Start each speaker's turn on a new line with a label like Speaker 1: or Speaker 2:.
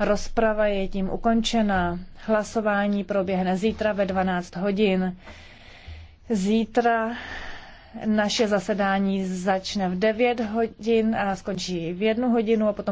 Speaker 1: Rozprava je tím ukončena. Hlasování proběhne zítra ve 12 hodin. Zítra naše zasedání začne v 9 hodin a skončí v 1 hodinu a potom